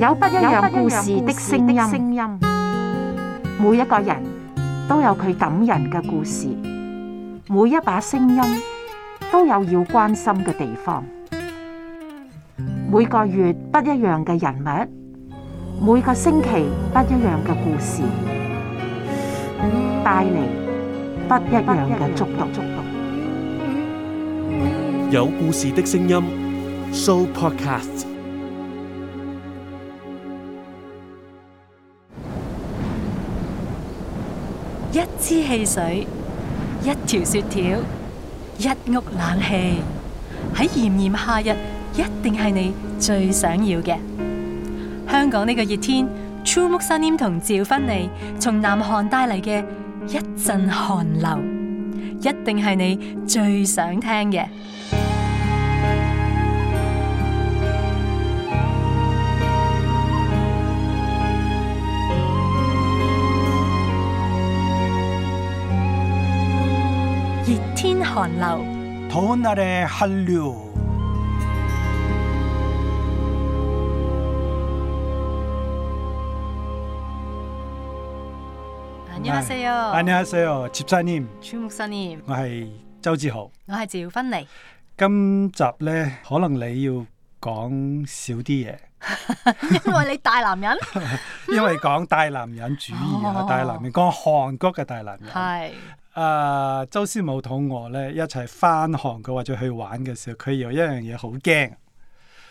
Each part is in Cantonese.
有不一樣故事的聲音，每一個人都有佢感人嘅故事，每一把聲音都有要關心嘅地方。每個月不一樣嘅人物，每個星期不一樣嘅故事，帶嚟不一樣嘅觸動觸動。有故事的聲音 Show Podcast 一支汽水，一條雪條，一屋冷氣，喺炎炎夏日，一定係你最想要嘅。香港呢個熱天，True Mountain 同趙芬妮從南韓帶嚟嘅一陣寒流，一定係你最想聽嘅。韓流，凍天氣韓流。歡迎收睇。歡迎收睇。主持人朱木生，我係周志豪，我係趙芬妮。今集咧，可能你要講少啲嘢，因為你大男人，因為講大男人主義啊，大男人講韓國嘅大男人。啊，uh, 周師母同我咧一齊翻韓國或者去玩嘅時候，佢有一樣嘢好驚，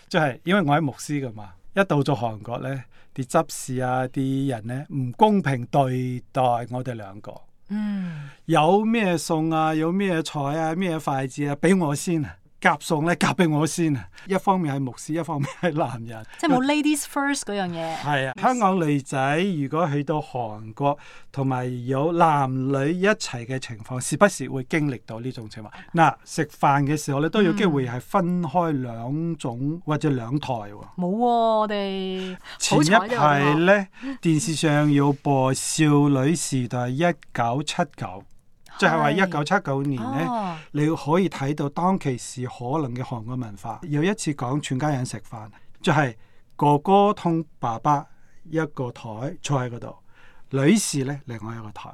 就係、是，因為我喺牧師噶嘛，一到咗韓國咧，啲執事啊啲人咧，唔公平對待我哋兩個，嗯，有咩餸啊，有咩菜啊，咩筷子啊，俾我先啊！夾餸咧夾俾我先啊！一方面係牧師，一方面係男人，為即係冇 Ladies first 嗰樣嘢。係 啊，香港女仔如果去到韓國，同埋有男女一齊嘅情況，時不時會經歷到呢種情況。嗱， 食飯嘅時候咧都有機會係分開兩種、嗯、或者兩台喎。冇喎、啊，我哋前一排咧、啊、 電視上要播《少女時代一九七九》。就係話一九七九年呢，哦、你可以睇到當其時可能嘅韓國文化。有一次講全家人食飯，就係、是、哥哥同爸爸一個枱坐喺嗰度，女士呢另外一個枱。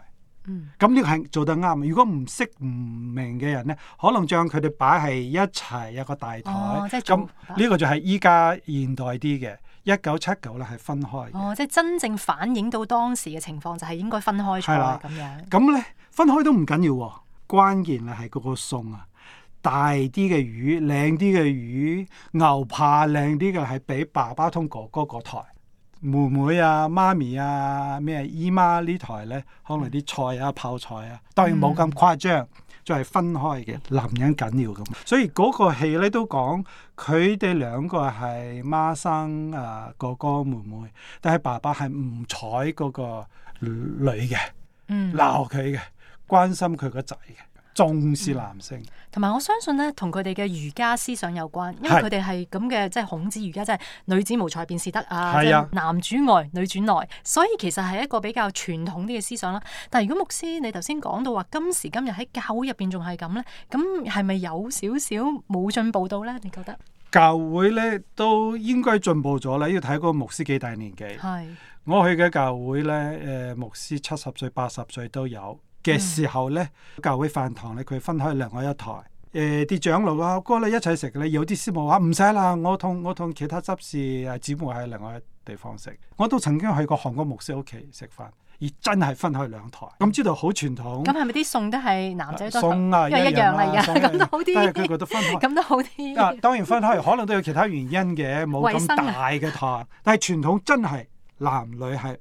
嗯，咁呢個係做得啱。如果唔識唔明嘅人呢，可能將佢哋擺喺一齊，有個大枱。哦，咁呢個就係依家現代啲嘅一九七九呢係分開。哦，即係、這個哦、真正反映到當時嘅情況就係、是、應該分開坐咁樣。咁呢。分開都唔緊要，啊，關鍵咧係嗰個餸啊！大啲嘅魚、靚啲嘅魚，牛扒靚啲嘅係俾爸爸同哥哥個台，妹妹啊、媽咪啊、咩姨媽呢台咧，可能啲菜啊、泡菜啊，當然冇咁誇張，就係分開嘅。嗯、男人緊要咁，所以嗰個戲咧都講佢哋兩個係孖生啊，哥哥妹妹，但係爸爸係唔睬嗰個女嘅，嗯，鬧佢嘅。關心佢個仔嘅，重視男性，同埋、嗯、我相信咧，同佢哋嘅儒家思想有關，因為佢哋係咁嘅，即係孔子儒家，即係女子無才便是德，係啊，即係男主外女主內，所以其實係一個比較傳統啲嘅思想啦。但係如果牧師你頭先講到話，今時今日喺教會入邊仲係咁咧，咁係咪有少少冇進步到咧？你覺得？教會咧都應該進步咗啦，要睇嗰個牧師幾大年紀。係是我去嘅教會咧，誒，牧師七十歲、八十歲都有。嘅時候咧，教會飯堂咧，佢分開另外一台。誒啲長老啊哥咧一齊食咧，有啲師母話唔使啦，我同我同其他執事啊姊妹喺另外一地方食。我都曾經去過韓國牧師屋企食飯，而真係分開兩台。咁知道好傳統。咁係咪啲餸都係男仔多？餸啊，一樣啦，咁都好啲。佢覺得分咁都好啲。啊，當然分開，可能都有其他原因嘅，冇咁大嘅台。但係傳統真係男女係。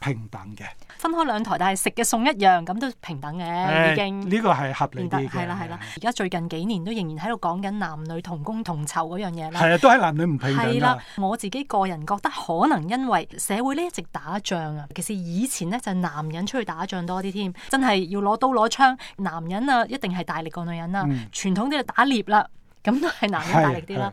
平等嘅，分開兩枱，但係食嘅餸一樣，咁都平等嘅，欸、已經呢個係合理啲啦，係啦。而家最近幾年都仍然喺度講緊男女同工同酬嗰樣嘢啦，係啊，都係男女唔平等啦。我自己個人覺得，可能因為社會呢一直打仗啊，其實以前咧就係、是、男人出去打仗多啲添，真係要攞刀攞槍，男人啊一定係大力過女人啦，嗯、傳統啲就打獵啦。咁都係男人大力啲啦，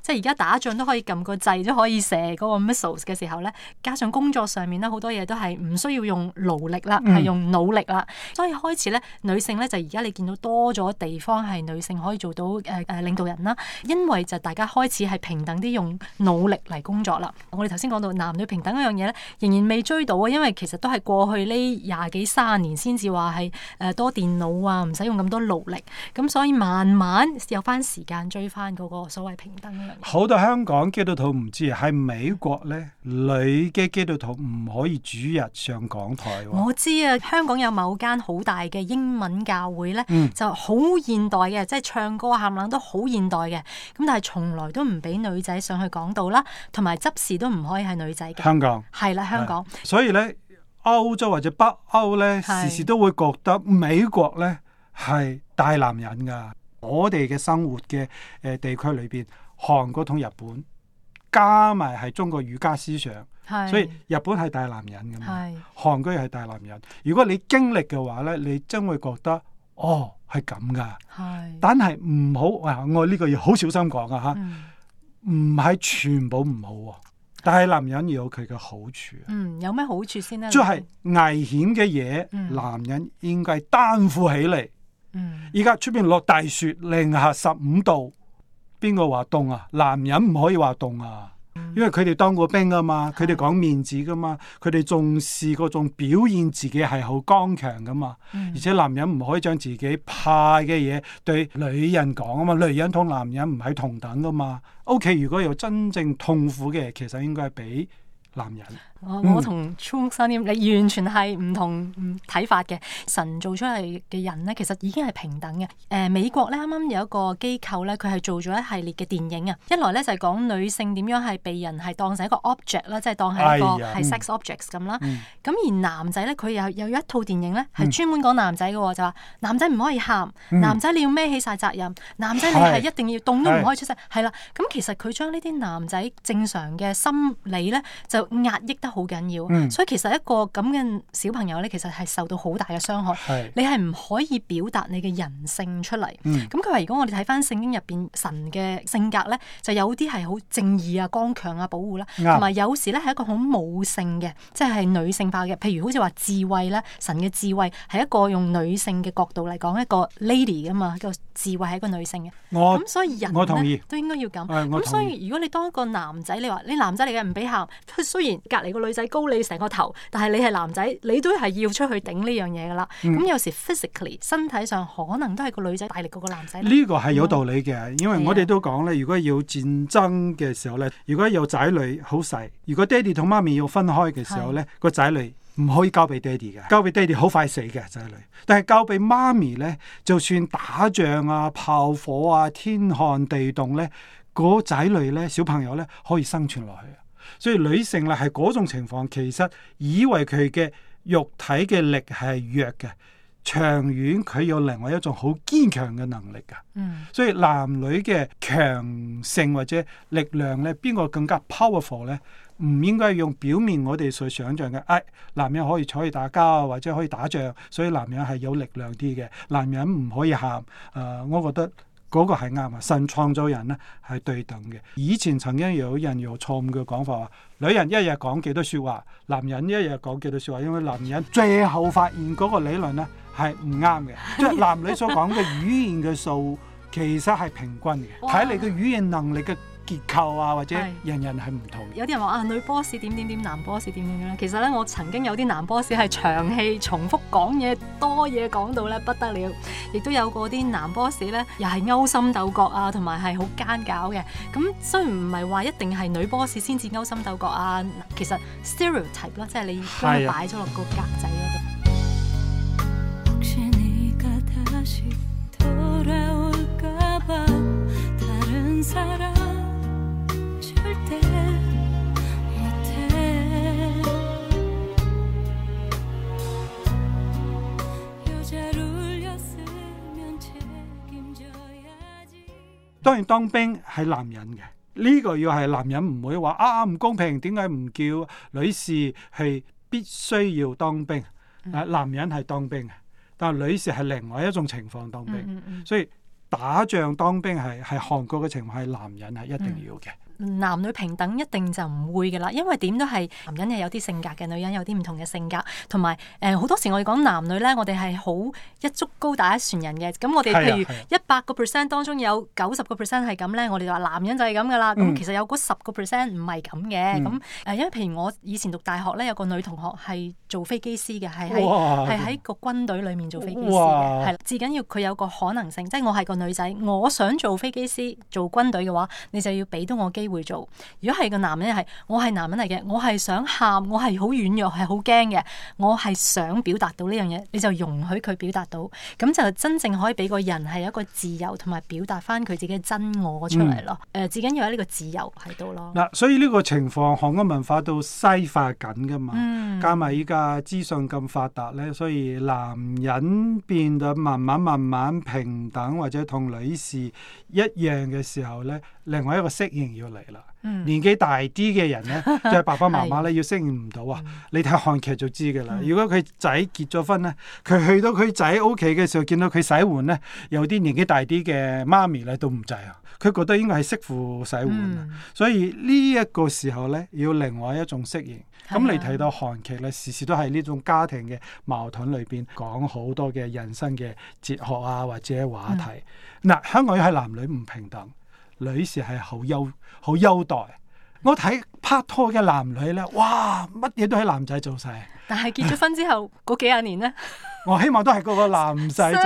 即係而家打仗都可以撳個掣，都可以射嗰個 missile 嘅時候咧，加上工作上面咧好多嘢都係唔需要用勞力啦，係、嗯、用努力啦，所以開始咧女性咧就而家你見到多咗地方係女性可以做到誒誒、呃呃、領導人啦，因為就大家開始係平等啲用努力嚟工作啦。我哋頭先講到男女平等嗰樣嘢咧，仍然未追到啊，因為其實都係過去呢廿幾三十年先至話係誒多電腦啊，唔使用咁多勞力，咁所以慢慢有翻時。間追翻個所謂平等，好多香港基督徒唔知，喺美國咧，女嘅基督徒唔可以主日上講台。哦。我知啊，香港有某間好大嘅英文教會咧，嗯、就好現代嘅，即係唱歌喊冷都好現代嘅。咁但係從來都唔俾女仔上去講道啦，同埋執事都唔可以係女仔嘅。香港係啦，香港。所以咧，歐洲或者北歐咧，的時時都會覺得美國咧係大男人噶。我哋嘅生活嘅，誒、呃、地區裏邊，韓國同日本加埋係中國儒家思想，是所以日本係大男人咁啊，是韓國又係大男人。如果你經歷嘅話咧，你真會覺得哦係咁噶。係，是但係唔好我我呢個要好小心講啊嚇，唔係、嗯、全部唔好、啊，但係男人要有佢嘅好處。嗯，有咩好處先呢？即係危險嘅嘢，嗯、男人應該擔負起嚟。而家出邊落大雪，零下十五度，邊個話凍啊？男人唔可以話凍啊，因為佢哋當過兵噶嘛，佢哋講面子噶嘛，佢哋重視嗰種表現自己係好剛強噶嘛，嗯、而且男人唔可以將自己怕嘅嘢對女人講啊嘛，女人同男人唔係同等噶嘛，屋、OK，企如果有真正痛苦嘅，其實應該係俾男人。我同 Charles 生點，你完全係唔同睇法嘅。神做出嚟嘅人咧，其實已經係平等嘅。誒、呃，美國咧啱啱有一個機構咧，佢係做咗一系列嘅電影啊。一來咧就係、是、講女性點樣係被人係當成一個 object 啦、哎，即係當係個係 sex objects 咁啦。咁、嗯、而男仔咧，佢又有一套電影咧，係專門講男仔嘅，嗯、就話男仔唔可以喊，男仔你要孭起晒責任，男仔你係一定要動都唔可以出聲。」係啦，咁、嗯、其實佢將呢啲男仔正常嘅心理咧，就壓抑得好緊要，嗯、所以其實一個咁嘅小朋友咧，其實係受到好大嘅傷害。是你係唔可以表達你嘅人性出嚟。咁佢話如果我哋睇翻聖經入邊神嘅性格咧，就有啲係好正義啊、剛強啊、保護啦、啊，同埋、嗯、有、有時咧係一個好母性嘅，即係女性化嘅。譬如好似話智慧咧，神嘅智慧係一個用女性嘅角度嚟講一個 lady 噶嘛，個智慧係一個女性嘅。我咁所以人咧都應該要咁。咁所以如果你當一個男仔，你話你男仔嚟嘅唔俾喊，佢雖然隔籬個。女仔高你成個頭，但係你係男仔，你都係要出去頂呢樣嘢噶啦。咁、嗯、有時 physically 身體上可能都係個女仔大力過個男仔。呢個係有道理嘅，嗯、因為我哋都講咧，如果要戰爭嘅時候咧，如果有仔女好細，如果爹哋同媽咪要分開嘅時候咧，個仔是女唔可以交俾爹哋嘅，交俾爹哋好快死嘅仔女。但係交俾媽咪咧，就算打仗啊、炮火啊、天寒地凍咧，嗰仔女咧小朋友咧可以生存落去。所以女性咧係嗰種情況，其實以為佢嘅肉體嘅力係弱嘅，長遠佢有另外一種好堅強嘅能力嘅。嗯，所以男女嘅強性或者力量咧，邊個更加 powerful 咧？唔應該用表面我哋所想象嘅，唉、哎，男人可以坐去打交或者可以打仗，所以男人係有力量啲嘅。男人唔可以喊，啊、呃，我覺得。嗰個係啱啊！神創造人咧係對等嘅。以前曾經有人用錯誤嘅講法話，女人一日講幾多説話，男人一日講幾多説話，因為男人最後發現嗰個理論咧係唔啱嘅，即係 男女所講嘅語言嘅數其實係平均嘅，睇你嘅語言能力嘅。結構啊，或者是人人係唔同。有啲人話啊，女 boss 點點點，男 boss 點點樣，樣。其實咧，我曾經有啲男 boss 係長氣、重複講嘢、多嘢講到咧不得了。亦都有過啲男 boss 咧，又係勾心鬥角啊，同埋係好奸狡嘅。咁雖然唔係話一定係女 boss 先至勾心鬥角啊，其實 stereotype 咯、啊，即係你將佢擺咗落個格仔嗰度。 當然當兵係男人嘅，呢個要係男人唔會話啊啊唔公平，點解唔叫女士係必須要當兵？男人係當兵，但係女士係另外一種情況當兵，所以打仗當兵係係韓國嘅情況係男人係一定要嘅。男女平等一定就唔會嘅啦，因為點都係男人係有啲性格嘅，女人有啲唔同嘅性格，同埋誒好多時我哋講男女咧，我哋係好一竹篙打一船人嘅。咁我哋譬如一百個 percent 當中有九十個 percent 係咁咧，我哋就話男人就係咁噶啦。咁其實有嗰十個 percent 唔係咁嘅。咁誒、嗯呃、因為譬如我以前讀大學咧，有個女同學係做飛機師嘅，係喺係喺個軍隊裏面做飛機師嘅，係哇。至緊要佢有個可能性，即係我係個女仔，我想做飛機師做軍隊嘅話，你就要俾到我機機會做，如果係個男人係，我係男人嚟嘅，我係想喊，我係好軟弱，係好驚嘅，我係想表達到呢樣嘢，你就容許佢表達到，咁就真正可以俾個人係一個自由，同埋表達翻佢自己嘅真我出嚟咯。誒、嗯呃，最緊要喺呢個自由喺度咯。嗱、啊，所以呢個情況，韓國文化都西化緊噶嘛，嗯、加埋依家資訊咁發達咧，所以男人變到慢慢慢慢平等，或者同女士一樣嘅時候咧。另外一個適應要嚟啦，嗯、年紀大啲嘅人咧，即、就、係、是、爸爸媽媽咧，要適應唔到啊！ 是你睇韓劇就知噶啦。嗯、如果佢仔結咗婚咧，佢去到佢仔屋企嘅時候，見到佢洗碗咧，有啲年紀大啲嘅媽咪咧都唔制啊！佢覺得應該係媳婦洗碗。嗯、所以呢一個時候咧，要另外一種適應。咁、嗯、你睇到韓劇咧，時時都係呢種家庭嘅矛盾裏邊，講好多嘅人生嘅哲學啊，或者話題。嗱、嗯，香港又係男女唔平等。女士係好優好優待，我睇拍拖嘅男女咧，哇，乜嘢都係男仔做晒。但係結咗婚之後，嗰 幾十年咧。 我希望都係嗰個男仔做，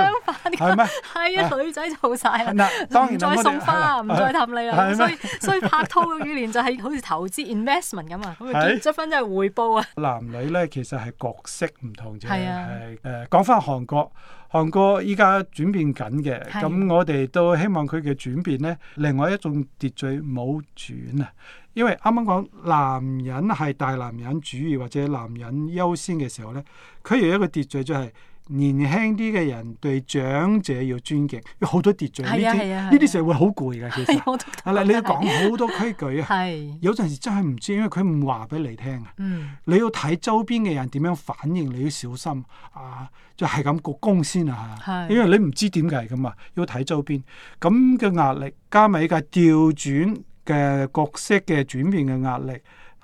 係咩？係啊，女仔就好晒啦，唔再送花，唔再氹你啦，所以所以拍拖幾年就係好似投資 investment 咁啊，咁結咗婚真係回報啊！男女咧其實係角色唔同啫，係誒講翻韓國，韓國依家轉變緊嘅，咁我哋都希望佢嘅轉變咧，另外一種秩序冇轉啊，因為啱啱講男人係大男人主義或者男人優先嘅時候咧，佢有一個秩序就係。年輕啲嘅人對長者要尊敬，有好多秩序。呢啲呢啲社會好攰㗎，其實。係，我都覺得係。你講好多規矩啊。係是。有陣時真係唔知，因為佢唔話俾你聽啊。嗯是。你要睇周邊嘅人點樣反應，你要小心啊！就係咁鞠躬先啊！係是。因為你唔知點解咁啊，要睇周邊。咁嘅壓力加埋呢個調轉嘅角色嘅轉變嘅壓力。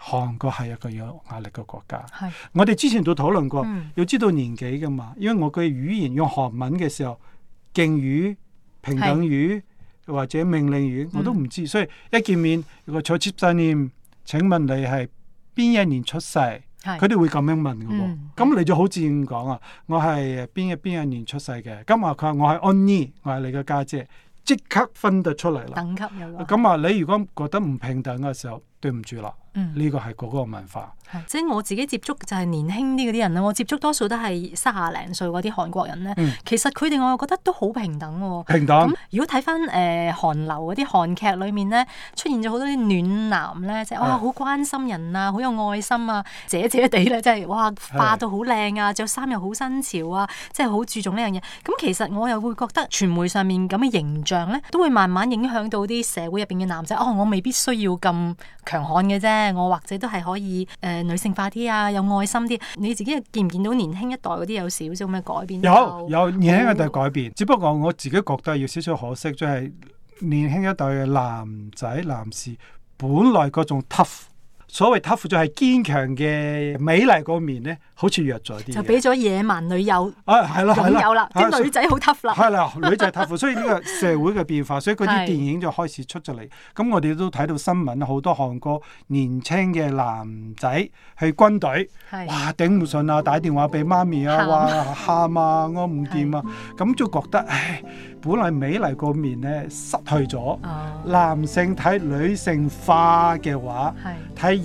韓國係一個有壓力嘅國家。係是，我哋之前都討論過，要、嗯、知道年紀嘅嘛。因為我嘅語言用韓文嘅時候，敬語、平等語是或者命令語我都唔知，嗯、所以一見面，如果初次見面「請問你係邊一年出世？佢哋是會咁樣問嘅喎。咁、嗯嗯、你就好自然講啊，我係邊一邊一年出世嘅。咁話佢話我係安妮，我係你嘅家姐，姐，即刻分得出嚟啦。等級有啦。咁啊，你如果覺得唔平等嘅時候，對唔住啦。呢、嗯、個係嗰個，個文化。是即係我自己接觸就係年輕啲嗰啲人啦，我接觸多數都係卅零歲嗰啲韓國人咧。嗯、其實佢哋我又覺得都好平等喎、哦。平等。嗯、如果睇翻誒韓流嗰啲韓劇裏面咧，出現咗好多啲暖男咧，即、就、係、是、是哇好關心人啊，好有愛心啊，嗲嗲哋咧，即、就、係、是、哇化到好靚啊，是着衫又好新潮啊，即係好注重呢樣嘢。咁、嗯、其實我又會覺得傳媒上面咁嘅形象咧，都會慢慢影響到啲社會入邊嘅男仔、哦。哦，我未必需要咁強悍嘅啫。我或者都係可以，誒、呃，女性化啲啊，有愛心啲。你自己見唔見到年輕一代嗰啲有少少咩改變？有有年輕一代改變，oh. 只不過我自己覺得要少少可惜，即係年輕一代嘅男仔、男士，本來嗰種 tough。所謂 tough 就係堅強嘅美麗個面咧，好似弱咗啲。就俾咗野蠻女友。啊，係啦，係啦，有啦，啲女仔好 tough 啦。係啦，女仔 tough，所以呢個社會嘅變化，所以嗰啲電影就開始出咗嚟。咁我哋都睇到新聞，好多韓國年輕嘅男仔喺軍隊，哇頂唔順啊，打電話俾媽咪啊，哇喊啊，我唔掂啊，咁就覺得唉，本來美麗個面咧失去咗。男性睇女性化嘅話，睇。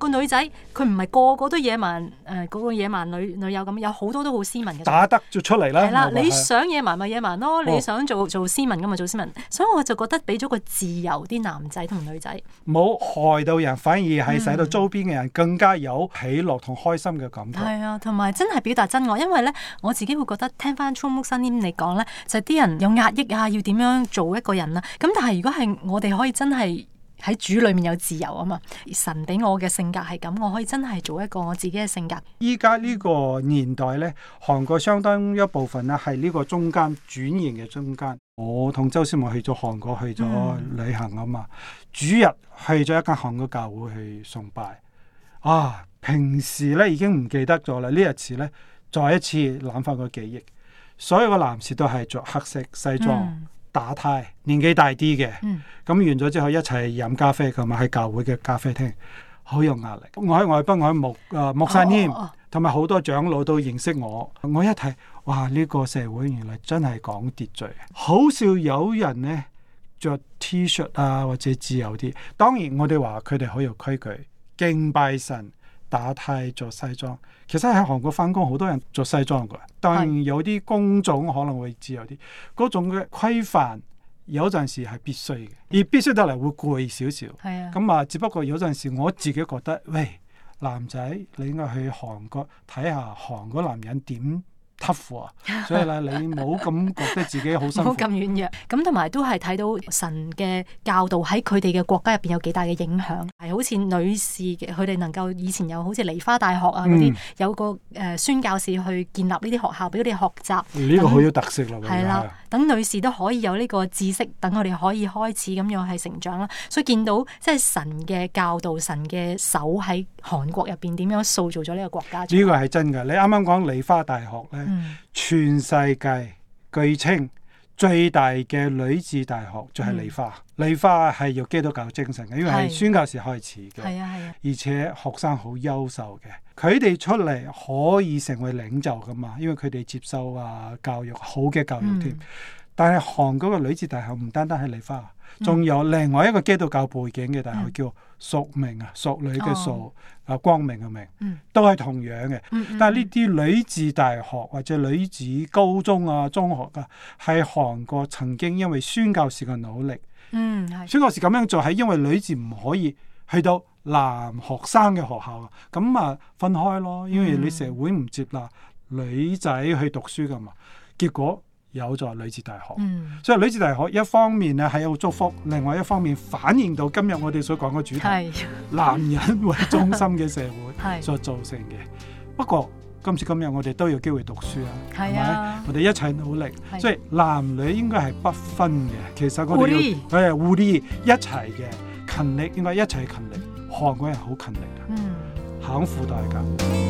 個女仔佢唔係個個都野蠻，誒、呃、嗰個，個野蠻女女友咁，有好多都好斯文嘅。打得就出嚟啦！係啦的，的你想野蠻咪野蠻咯，哦、你想做做斯文噶嘛做斯文，所以我就覺得俾咗個自由啲男仔同女仔，冇害到人，反而係使到周邊嘅人、嗯、更加有喜樂同開心嘅感覺。係啊，同埋真係表達真愛，因為咧我自己會覺得聽翻春木新》你講咧就啲、係、人有壓抑啊，要點樣做一個人啦？咁但係如果係我哋可以真係。喺主裏面有自由啊嘛，神俾我嘅性格係咁，我可以真係做一個我自己嘅性格。依家呢個年代呢，韓國相當一部分咧係呢個中間轉型嘅中間。我同周思文去咗韓國去咗旅行啊嘛，嗯、主日去咗一間韓國教會去崇拜。啊，平時呢已經唔記得咗啦，呢日時呢，再一次攬翻個記憶。所有嘅男士都係着黑色西裝。嗯打呔，年紀大啲嘅，咁、嗯、完咗之後一齊飲咖啡噶嘛，喺教會嘅咖啡廳好有壓力。我喺外北，我喺木啊木山添，同埋好多長老都認識我。我一睇，哇！呢個社會原嚟真係講秩序，好少有人呢着 T 恤啊，或者自由啲。當然我哋話佢哋好有規矩，敬拜神。打呔着西裝，其實喺韓國翻工，好多人着西裝嘅，當然有啲工種可能會自由啲嗰是種嘅規範，有陣時係必須嘅，而必須得嚟會攰少少。係啊，咁啊、嗯，只不過有陣時我自己覺得，喂，男仔你應該去韓國睇下韓國男人點。Tough 啊，所以啦，你唔好咁覺得自己好辛苦，咁 軟弱。咁同埋都係睇到神嘅教導喺佢哋嘅國家入邊有幾大嘅影響，係好似女士佢哋能夠以前有好似梨花大學啊嗰啲，嗯、有個誒、呃、宣教師去建立呢啲學校俾佢哋學習。呢、嗯、等個好有特色啦，係啦等，的等女士都可以有呢個知識，等佢哋可以開始咁樣係成長啦。所以見到即係、就是、神嘅教導，神嘅手喺韓國入邊點樣塑造咗呢個國家。呢個係真㗎，你啱啱講梨花大學咧。嗯、全世界據稱最大嘅女子大學就係梨花，梨花、嗯、梨花係有基督教精神嘅，因為係宣教時開始嘅，係啊係啊，而且學生好優秀嘅，佢哋的出嚟可以成為領袖噶嘛，因為佢哋接受啊教育好嘅教育添、嗯，但係韓國嘅女子大學唔單單係梨花。仲有另外一個基督教背景嘅大學、嗯、叫淑明、啊淑女嘅淑，啊光明嘅明，嗯、都係同樣嘅。嗯、但係呢啲女子大學或者女子高中啊中學啊，係韓國曾經因為宣教士嘅努力。嗯，宣教士咁樣做係因為女子唔可以去到男學生嘅學校啊，咁啊分開咯，因為你社會唔接納女仔去讀書噶嘛，結果。有助女子大學，嗯、所以女子大學一方面咧係有祝福，另外一方面反映到今日我哋所講嘅主題，是男人為中心嘅社會所造成嘅。 是不過今次今日我哋都有機會讀書啊，係咪？我哋一齊努力，啊、所以男女應該係不分嘅。其實我哋要誒互利一齊嘅勤力，應該一齊勤力。嗯、韓國人好勤力啊，辛苦、嗯、大家。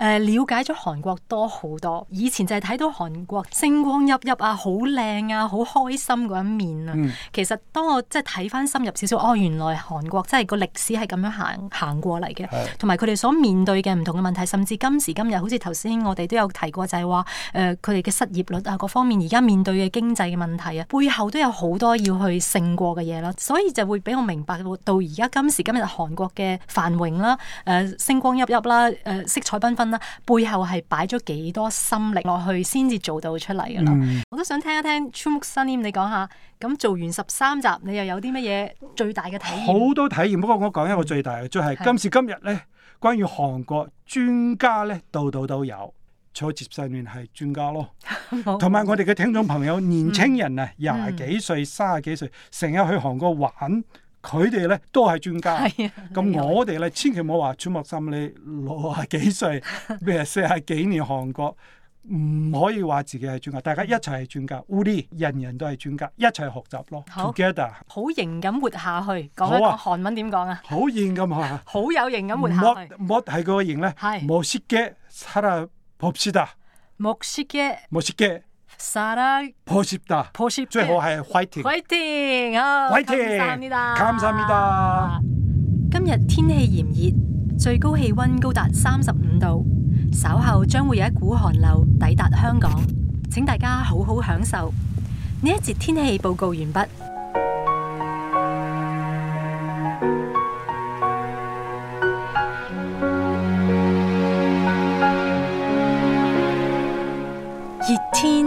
誒、呃、瞭解咗韓國多好多，以前就係睇到韓國星光熠熠啊，好靚啊，好開心嗰一面啊。嗯、其實當我即係睇翻深入少少，哦，原來韓國即係個歷史係咁樣行行過嚟嘅，同埋佢哋所面對嘅唔同嘅問題，甚至今時今日，好似頭先我哋都有提過就，就係話誒佢哋嘅失業率啊，各方面而家面對嘅經濟嘅問題啊，背後都有好多要去勝過嘅嘢咯，所以就會畀我明白到而家今時今日韓國嘅繁榮啦，誒、呃、星光熠熠啦，誒色彩繽紛，背後係擺咗幾多心力落去先至做到出嚟噶啦，嗯、我都想聽一聽 Truman 你講下，咁做完十三集你又有啲乜嘢最大嘅體驗？好多體驗，不過我講一個最大嘅，就係、是、今時今日咧，關於韓國專家咧，度度都有坐接世面係專家咯，同埋 好我哋嘅聽眾朋友，年青人啊，廿幾歲、卅幾歲，成日去韓國玩。佢哋咧都係專家，咁我哋咧千祈唔好話揣莫心。你六啊幾歲？咩四啊幾年韓國，唔可以話自己係專家。大家一齊係專家，烏哩人人都係專家，一齊學習咯。Together，好型咁活下去。講一個韓文點講啊？好型咁啊！好有型咁活下去。What 係個型咧？係。莫雪嘅？莫雪嘅？殺得破錫打，最後係 fighting，fighting 啊！感謝你哋，感謝你哋。今日天氣炎熱，最高氣温高達三十五度，稍後將會有一股寒流抵達香港。請大家好好享受。呢一節天氣報告完畢。熱天。